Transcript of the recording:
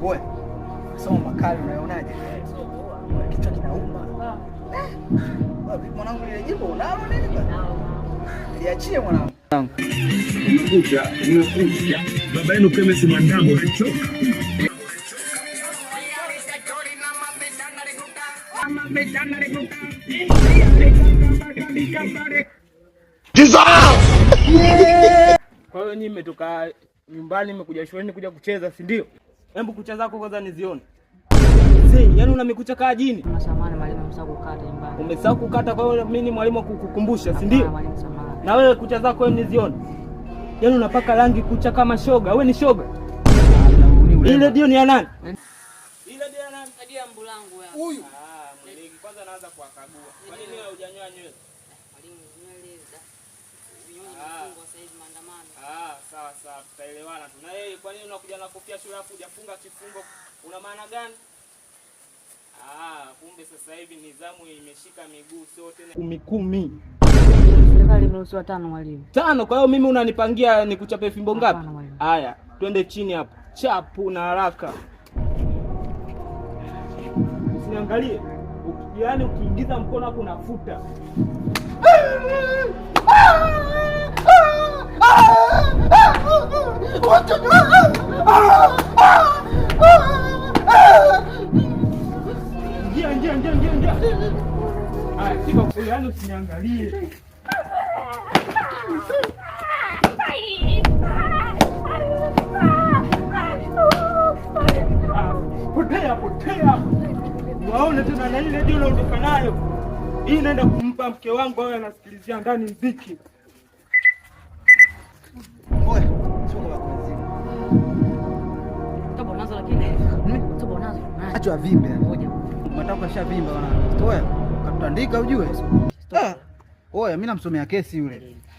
Boy, soma makali unaonaje? Kichwa kinauma. Eh, mwanangu, lile jimbo unalo nini Liachie mwanangu. Nimekuja, nimekuja. Baba yenu anachoka. Kwa hiyo nyinyi mmetoka nyumbani mmekuja shuleni kuja kucheza, si ndio? Hebu kucha zako kwanza nizione. Si, yaani una mikucha kaa jini. Samahani mwalimu, msahau kukata nyumbani. Umesahau kukata kwa hiyo mimi mwalimu kukukumbusha, si ndio? Na wewe kucha zako wewe nizione. yani unapaka rangi kucha kama shoga. Wewe ni shoga. Ile ndio ni ya nani? Ile ndio ya nani? Tadia mbulangu wewe. Huyu. Ah, mwalimu kwanza anaanza kuwakagua. Kwa nini wewe hujanywa nywele? Mwalimu nywele za. Ah, maandamano. Ah sawa sawa, tutaelewana tu. Na yeye kwa nini unakuja na kofia shule alafu hujafunga kifungo? Una maana gani? Ah, kumbe sasa hivi nizamu imeshika miguu sio tena kumi kumi. Serikali imeruhusiwa tano mwalimu. Tano, kwa hiyo mimi unanipangia nikuchape fimbo ngapi? Haya, twende chini hapo. Chapu na haraka. Usiniangalie. Yaani ukiingiza mkono hapo unafuta. Usiniangalie. Potea, potea. Waone tena na ndio unaondoka Hii naenda kumpa mke wangu awe anasikilizia ndani mziki. Acha vimbe. Matako yashavimba bwana. Toa. Katutandika ujue. Ah. Oya, mimi namsomea kesi yule.